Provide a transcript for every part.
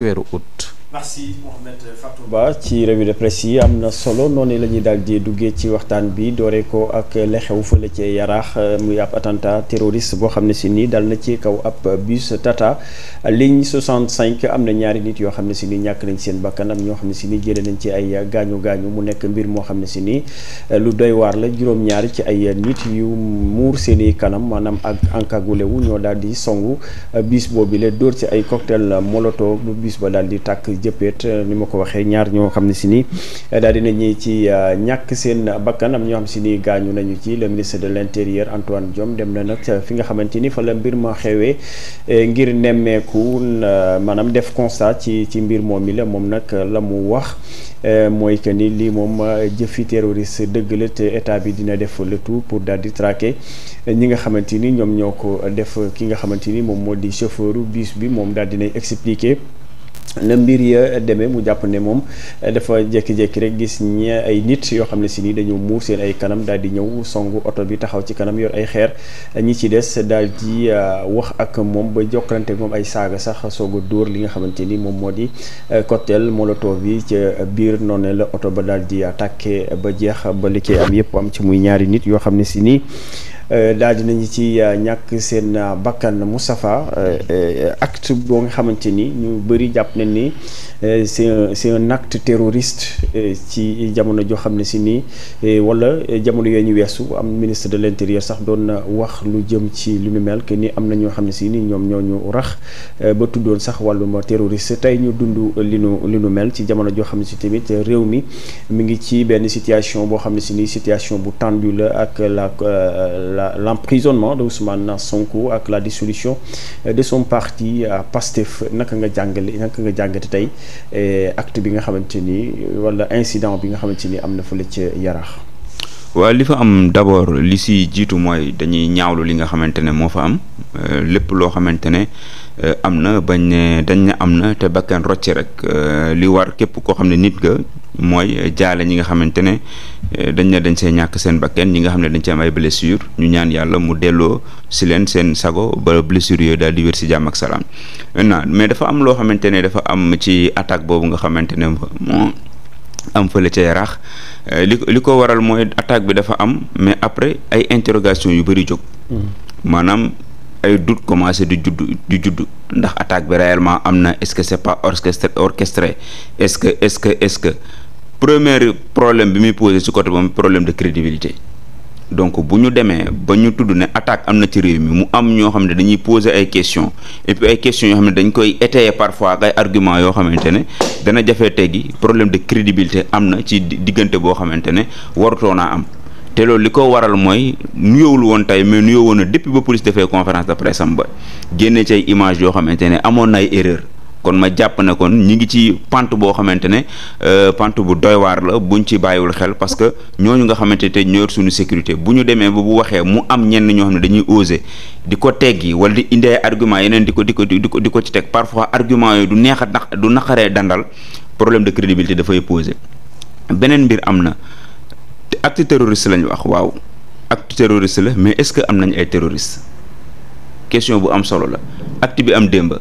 weeru août merci Mouhamed Ba ci revue de presse yi am na solo noonu la ñuy daal di duggee ci waxtaan bi dooree ko ak lexew xew fële ci yaraax muy ab attentat terroriste boo xam ne si nii dal na ci kaw ab bus Tata ligne 65 am na ñaari nit yoo xam ne si nii ñàkk nañ seen bakkan ñoo xam ne si nii jëlee nañ ci ay gaañu gaañu mu nekk mbir moo xam ne si nii lu doy waar la juróom-ñaari ci ay nit yu muur seeni kanam maanaam ak encagoulé wu ñoo daal di songu bus boobu la dóor ci ay cocktail molotov bu bus daal di tàkk. jëppeet euh, ni ma ko waxee ñaar ñoo xam ne si ni euh, daal dinañu ci euh, ñàkk seen bakkanam ñoo xam si nii gaañu nañu ci le ministre de l' intérieur Antoine Diome dem na nag fi nga xamante ni fa la mbir ma xewee ngir nemmeeku maanaam def constat ci ci mbir moom mi la moom nag la mu wax mooy que ni lii moom jëfi terroriste dëgg la te état bi dina def le tout pour daal di traquer ñi nga xamante ni ñoom ñoo ko def ki nga xamante ni moom moo di chauffeuru bus bi moom daal dinay expliquer na mbir ya demee mu jàpp ne moom dafa jékki-jékki rek gis ñi ay nit yoo xam ne si nii dañoo muur seen ay kanam daal di ñëw songu oto bi taxaw ci kanam yor ay xeer ñi ci des daal di euh, wax ak moom ba jokkante moom ay saaga sax soog dóor li nga xamante ni moom moo di euh, cocktail molotov bi ca biir noonu la oto ba daal di tàkkee ba jeex ba li am yëpp am ci muy ñaari nit yoo xam ne si nii. Euh, daal di nañu ci euh, ñàkk seen euh, bakkan Moustapha acte boo nga xamante ni ñu bëri jàpp nañ ni c'est un c'est un acte terroriste ci jamono joo xam ne si nii wala jamono yooyu ñu weesu am ministre de l'intérieur sax doon wax lu jëm ci lu nu mel que ni am na ñoo xam ne si nii ñoom ñoo ñu rax ba tuddoon sax wàllum terroriste tey ñu dund li nu li nu mel ci jamono joo xam ne si tamit réew mi mi ngi ci benn situation boo xam ne si nii situation bu tendue la ak la. l'emprisonnement de Ousmane Sonko ak la dissolution euh, de son parti Pastef naka nga jàngale naka nga jàngate tey euh, acte bi nga xamante ni euh, wala incident bi nga xamante ni am na fële ca Yaraax. waaw li fa am d'abord li si jiitu mooy dañuy ñaawlu li nga xamante ne moo fa am lépp loo xamante ne am na bañ ne dañ ne am na te bakkan rocce rek li war képp koo xam ne nit ga mooy jaale ñi nga xamante ne. Eh, dañ ne dañ see ñàkk seen bakken ñi nga xam ne dañ ci am ay blessure ñu ñaan yàlla mu delloo si leen seen sago ba blessure yooyu daal di wér si jàmm ak salaam maintenant mais dafa am loo xamante ne dafa am ci attaque boobu nga xamante ne moo am fële ca yaraax eh, li li ko waral mooy attaque bi dafa am mais après ay interrogation yu bëri jóg mm. maanaam ay doute commencé di juddu di judd ndax attaque bi réellement am na est-ce que c'est pas orchestré orchestré est que est-ce que est-ce que premier problème bi muy posé ci côté boobu problème de crédibilité donc bu ñu demee ba ñu tudd ne attaque am na ci réew mi mu am ñoo xam ne dañuy poser ay questions et ay questions yoo xam ne dañ koy étayer parfois ak ay arguments yoo xamante ne dana jafee teggi problème de crédibilité am na ci diggante boo xamante ne warutoo naa am te loolu li ko waral mooy nuyowul woon tey mais nuyoo woon na depuis ba police defee conférence de presse am ba génne ci ay images yoo xamante ne amoon na ay erreur kon ma jàpp na kon ñi ngi ci pant boo xamante ne euh, pant bu doy waar la buñ ci bàyyiwul xel parce que ñooñu nga xamante te ñoo suñu sécurité bu ñu demee ba bu waxee mu am ñenn ñoo xam ne dañuy oser di ko teggi wala di indi argument yeneen di ko di ko di ko di ko ci teg parfois argument yooyu du neex a du naqaree dandal problème de crédibilité dafay poser beneen mbir am na te acte terroriste lañ wax waaw acte terroriste la mais est-ce que am nañu ay terroriste question bu am solo la acte bi am démb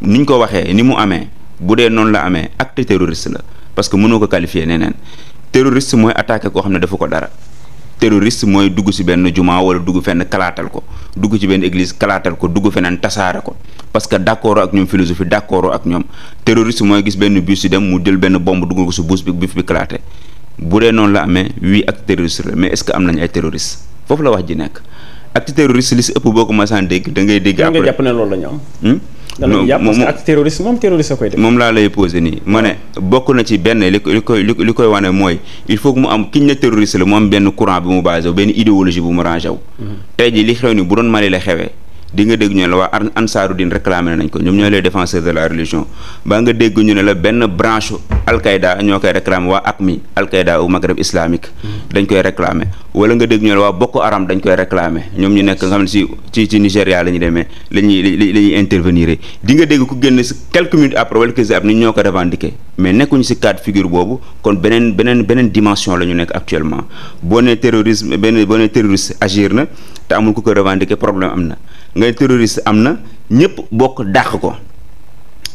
niñ ko waxee ni mu amee bu dee noonu la amee acte terroriste la parce que mënoo ko qualifier neneen terroriste mooy attaqué koo xam ne dafa ko dara terroriste mooy dugg ci benn jumaa wala dugg fenn kalaatal ko dugg ci benn église kalaatal ko dugg feneen tasaare ko parce que d'accord ak ñoom philosophie d'accord ak ñoom terroriste mooy gis benn bus yi dem mu jël benn bomb dugg ko ci bus bi bus bi kalaate bu dee noonu la amee wii ak terroriste la mais est-ce que am nañ ay terroriste foofu la wax ji nekk ak terroriste li ci boo ko masaan dégg da ngay dégg après nga jàpp ne am hmm? non moom ak terroriste moom terroriste koy def. moom laa lay posé nii ma bokk na ci benn li koy li koy wane mooy il faut que mu am kiñ ne terroriste la mu am benn courant bi mu basé benn idéologie bu mu rangé wu. Mhm. jii li xew ni bu doon Mali la xewee. di nga dégg ñu ne la waa Ansaarudin réclamé nañ ko ñoom ñoo les défenseurs de la religion ba nga dégg ñu ne la benn branche alqaida ñoo koy réclamé waa AQMI alqaida au maghreb islamique dañ koy réclamé wala nga dégg ñu ne la waa Boko Haram dañ koy réclamé ñoom ñu nekk nga xam ne si ci ci Nigéria la ñu demee la ñuy la ñuy intervenir di nga dégg ku génn si quelques minutes après wala quelques ab ni ñoo ko revendiqué mais nekkuñu si cadre figure boobu kon beneen beneen beneen dimension la ñu nekk actuellement boo nee terrorisme benn boo nee terroriste agir na te amul ko revendiqué problème am na ngay terroriste am na ñëpp bokk dàq ko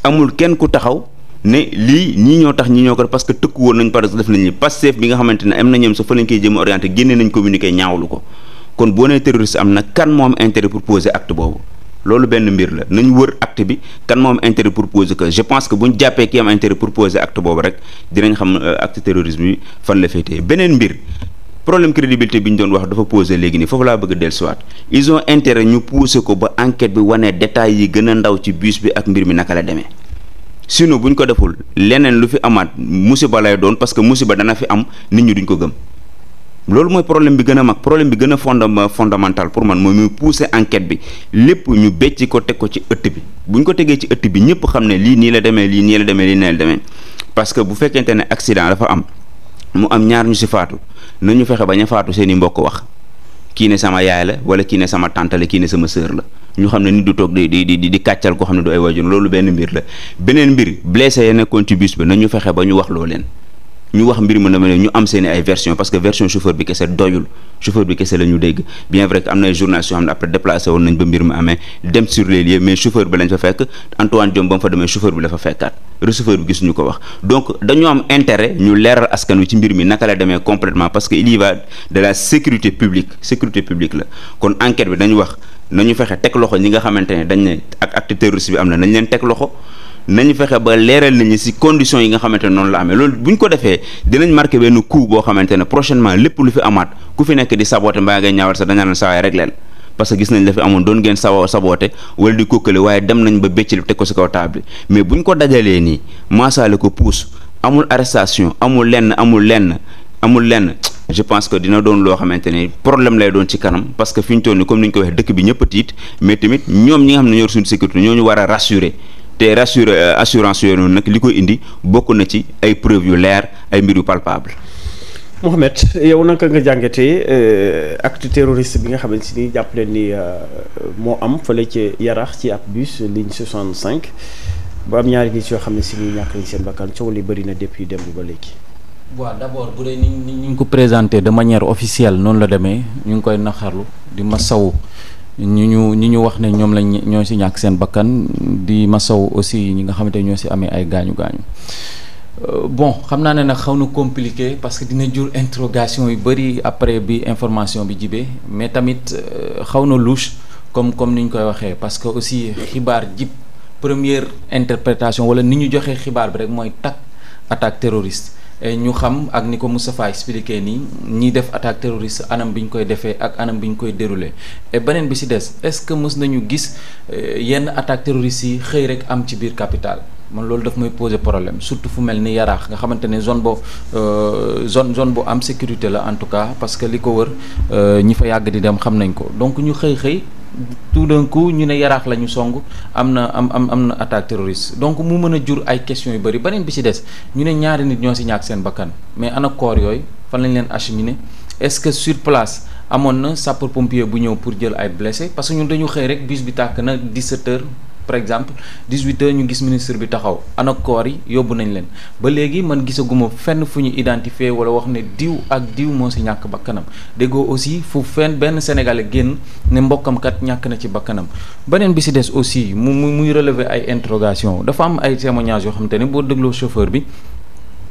amul kenn ku taxaw ne lii ñii ñoo tax ñii ñoo ko parce que tëkku woon nañ par def nañ li Pastef bi nga xamante ne am na ñoom sa fa lañ koy jëm orienté génne nañ communiqué ñaawlu ko kon boo nee terroriste am na kan moo am intérêt pour poser acte boobu loolu benn mbir la nañ wër acte bi kan moom am pour poser que je pense que bu ñu jàppee ki am intérêt pour poser acte boobu rek dinañ xam euh, acte terrorisme bi fan la féetee beneen mbir problème crédibilité bi ñu doon wax dafa posé léegi nii foofu laa bëgg a dellusiwaat ils ont ñu pousser ko ba enquête bi wane détails yi gën a ndaw ci bus bi ak mbir mi naka la demee sinon bu ñu ko deful leneen lu fi amaat musiba lay doon parce que musiba dana fi am nit ñi duñ ko gëm loolu mooy problème bi gën a mag problème bi gën a fondam fondamental pour man mooy muy pousser enquête bi lépp ñu becc ko teg ko ci ëtt bi bu ñu ko tegee ci ëtt bi ñëpp xam ne lii nii la demee lii nii la demee lii nii demee parce que bu fekkente ne accident dafa am. mu am ñaar ñu si faatu nañu fexe ba a faatu seen i mbokk wax kii ne sama yaay la wala kii ne sama tante kii ne sama sœur la ñu xam ne nit du toog di di di di kàccal koo xam ne du ay waajur loolu benn mbir la beneen mbir blessé ya nekkoon ci bus ba nañu fexe ba ñu wax loo leen ñu wax mbir mi na ma ne ñu am seen ay version parce que version chauffeur bi kese doyul chauffeur bi kese la ñu dégg bien vrai que am na ay journalistes yoo xam ne après déplacé woon nañ ba mbir mi amee dem sur les mais chauffeur bi lañ fa fekk Antoine Diome ba mu fa demee chauffeur bi la fa fekkaat receveur bi gisuñu ko wax donc dañoo am intérêt ñu leeral askan wi ci mbir mi naka la demee complètement parce que il y va de la sécurité publique sécurité publique la kon enquête bi dañu wax nañu fexe teg loxo ñi nga xamante ne dañ ne ak acte terroriste am na nañ leen teg loxo nañ fexe ba leeral nit ñi ci condition yi nga xamante ne noonu la amee loolu bu ñu ko defee dinañ marqué benn coup boo xamante ne prochainement lépp lu fi amaat ku fi nekk di saboté mbaa ngay ñaawal sax dañaa leen sawaay rek leen parce que gis nañ la fi amoon doon waaye dem nañ ba béccali teg ko ci kaw bu ñu ko dajalee nii maasaale ko puus amul arrestation amul lenn amul lenn amul lenn je pense que dina doon loo xamante ni problème lay doon ci kanam parce que fi ñu toll nii comme ni ñu ko waxee dëkk bi ñëpp tiit mais tamit ñoom ñi nga xam ne ñoo suñu sécurité ñoo ñu war a rassurer te rassure euh, assurance yooyu noonu nag li koy indi bokk na ci ay preuve yu leer ay mbir yu palpable Mohamed yow naka nga jàngatee euh, acte terroriste bi nga xamante ni jàpp leen ni euh, moo am fële ci Yarax ci ab bus ligne 65 ba am ñaari nit yoo xam ne si ni ñàkk nañ seen bakkan coow li bëri na depuis démb ba léegi. waaw d'abord bu dee ni ñu ko présenté de manière officielle noonu la demee ñu ngi koy naxarlu di ma sawu ñi ñu ñi ñu wax ne ñoom lañ ñoo si ñàkk seen bakkan di ma sow aussi ñi nga xamante ñoo si amee ay gaañu gaañu euh, bon xam naa ne nag xaw na compliqué parce que dina jur interrogation yu bëri après bi information bi jibee mais tamit euh, xaw na louche comme comme ni ñu koy waxee parce que aussi xibaar jib première interprétation wala ni ñu joxee xibaar bi rek mooy takk attaque terroriste Eh, ñu xam ak ni ko Moustapha expliqué nii ñiy def attaque terroriste anam bi ñu koy defee ak anam bi ñu koy déroulé et eh, beneen bi ci des est-ce que mës nañu gis eh, yenn attaque terroriste yi xëy rek am ci biir capitale man loolu daf mooy poser problème surtout fu mel ni yaraax nga xamante ne zone boobu euh, zone zone bu am sécurité la en tout cas parce que li ko wër euh, ñi fa yàgg di dem xam nañ ko donc ñu xëy xëy. tout d'un ñu ne yaraax la ñu song am na am am am na attaque terroriste donc mu mën a jur ay question yu bëri beneen bi ci des ñu ne ñaari nit ñoo ci ñàkk seen bakkan mais ana corps yooyu fan lañ leen acheminé est-ce que sur place amoon na sapeur pompier bu ñëw pour jël ay blessé parce que ñun dañu xëy rek bus bi tàkk na 17 heures par exemple 18h ñu gis ministre bi taxaw ana yi yóbbu nañ leen ba léegi man gisaguma fenn fu ñu identifier wala wax ne diw ak diw moo si ñàkk bakkanam déggoo aussi fu fenn benn sénégalais génn ne mbokkamkat ñàkk na ci bakkanam beneen bi si des aussi mu muy relever ay interrogation dafa am ay témoignages yoo xam ne boo dégloo chauffeur bi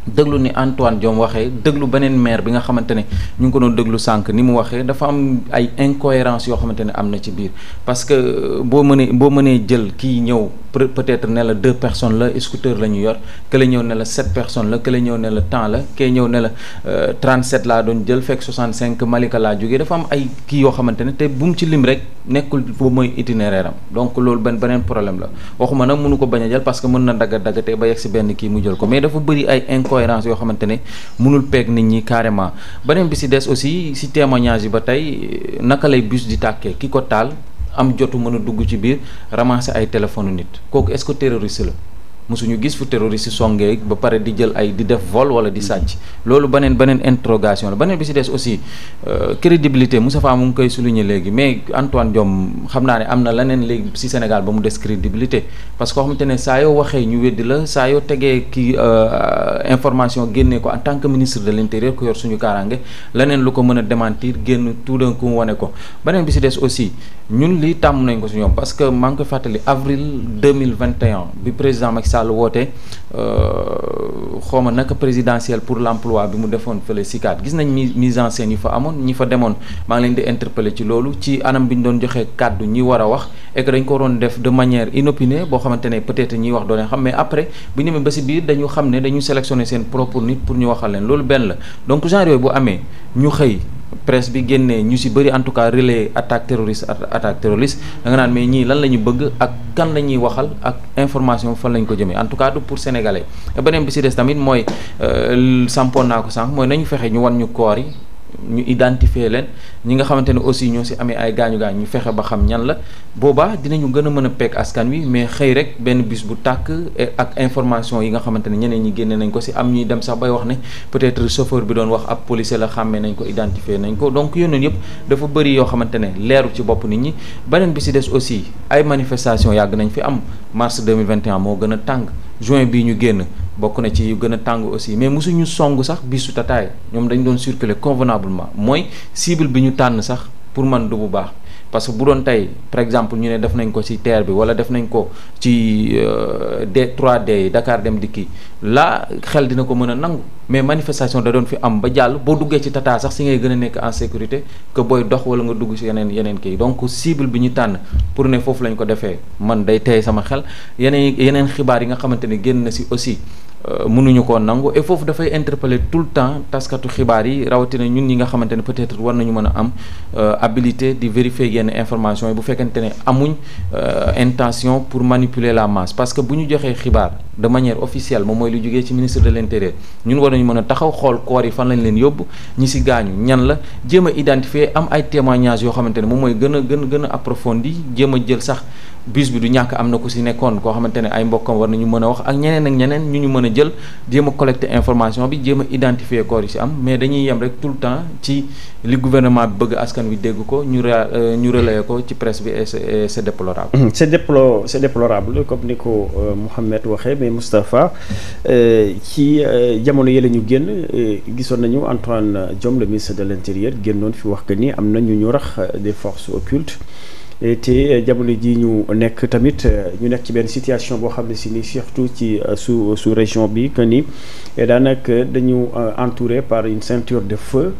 déglu ni Antoine Diome waxee déglu beneen maire bi nga xamante ne ñu ngi ko doon déglu sànq ni mu waxee dafa am ay incohérence yoo xamante ne am na ci biir parce que boo mënee boo mënee jël kii ñëw peut-être ne la deux personnes la scooter la ñu yor kële ñëw ne la sept personnes la kële ñëw ne la temps la kee ñëw ne la 37 euh, laa doon jël fekk 65 Malika laa jógee dafa am ay kii yoo xamante ne te bu mu ci lim rek nekkul boobu mooy itinéraire am donc loolu benn beneen problème la waxuma nag ko bañ a jël parce que mën na dagga dagga te ba benn kii mu jël ko incohérence yoo xamante ne mënul peeg nit ñi carrément beneen bi ci des aussi si témoignage yi ba tey naka lay bus di tàkkee ki ko taal am jotu mën a dugg ci biir ramasser ay téléphone nit kooku est-ce que la mosuñu gis fu terroriste songee ba pare di jël ay di def vol wala di sàcc loolu beneen beneen interrogation la beneen bi si des aussi euh, crédibilité Moustapha mu ngi koy souligner léegi mais Antoine Diome xam naa ne am na leneen léegi si Sénégal ba mu des crédibilité parce que koo te ne saa yoo waxee ñu weddi la saa yoo tegee kii euh, information génnee ko en que ministre de l' intérieur ku yor suñu kaaraange leneen lu ko mën a démentir génn tout d'un coup ko beneen bi si des aussi ñun lii tàmm nañ ko si ñoom parce que maa ngi koy fàttali avril 2021 bi Sall woote euh, xaw ma naka présidentielle pour l'emploi bi mu defoon fële SICAD gis nañ mise en scène yi fa amoon ñi fa demoon maa ngi leen di interpeller ci loolu ci anam bi ñu doon joxee kàddu ñi war a wax et que dañ ko waroon def de manière inopinée boo xamante ne peut-être ñiy wax doone xam mais après bu ñëmee ba si biir dañu xam ne dañu sélectionner seen propre nit pour ñu waxal leen loolu benn la donc genre bu amee ñu xëy presse bi génnee ñu si bëri en tout cas relais attaque terroriste attaque terroriste da naan mais ñii lan la ñu bëgg ak kan la ñuy waxal ak information fan la ko jëmee en tout cas du pour sénégalais beneen bi si des tamit mooy euh, sampoon naa ko sànq mooy nañu fexe ñu wan ñu koor yi ñu identifier leen ñi nga xamante ne aussi ñoo si amee ay gaañu gaañ ñu fexe ba xam ñan la booba dinañu gën a mën a peek askan wi mais xëy rek benn bis bu tàkk eh, ak information yi nga xamante ne ñeneen ñi génne nañ ko si am ñuy dem sax bay wax ne peut-être chauffeur bi doon wax ab policier la xàmmee nañ ko identifier nañ ko donc yónneen yëpp dafa bëri yoo xamante ne leeru ci bopp nit ñi beneen bi si des aussi ay manifestation yàgg nañ fi am mars 2021 moo gën a tàng juin bii ñu génn bokk na ci yu gën a tàng aussi mais mosuñu song sax bisu tataay ñoom dañu doon circuler convenablement mooy cible bi ñu tànn sax pour man du bu baax parce que bu doon tey par exemple ñu ne def nañ ko ci teer bi wala def nañ ko ci euh, D 3D yi Dakar dem di kii laa xel dina ko mën a nangu mais manifestation da doon fi am ba jàll boo duggee ci tata sax si ngay gën a nekk en sécurité que booy dox wala nga dugg si yeneen yeneen kii donc cible bi ñu tànn pour ne foofu lañ ko defee man day tey sama xel yeneen yeneen xibaar yi nga xamante ne génn na si aussi. Euh, mënuñu koo nangu et foofu dafay interpeller tout le temps taskatu xibaar yi rawatina ñun ñi nga xamante ne peut-être war nañu mën a am euh, abilité di vérifier yenn information yi bu fekkente ne amuñ euh, intention pour manipuler la masse parce que bu ñu joxee xibaar de manière officielle moom mooy lu jógee ci ministre de l'intérieur ñun war nañu mën a taxaw xool koor yi fan lañ leen yóbbu ñi si gaañu ñan la jéem a identifier am ay témoignages yoo xamante ne moom mooy gën a gën gën a approfondi jéem a jël bis bi du ñàkk am na ku si nekkoon koo xamante ne ay mbokkam war nañu mën a wax ak ñeneen ak ñeneen ñu ñu mën a jël jéem a collecter information bi jéem a identifier corps yi si am mais dañuy yem rek tout le temps ci li gouvernement bi bëgg askan wi dégg ko ñu euh, ñu relayer ko ci presse bi et c'est déplorable. c'est déplo c'est déplorable comme ni ko euh, Mouhamed waxee mais Moustapha euh, ci jamono yële ñu génn gisoon nañu Antoine Diome le ministre de l'intérieur génnoon fi wax que nii am na ñu ñu rax de force occultes. Eh, te eh, jamono ji ñu nekk tamit eh, ñu nekk ci benn situation boo xam ne si ni surtout ci sous sous région bi que ni daanaka dañu entouré par une ceinture de feu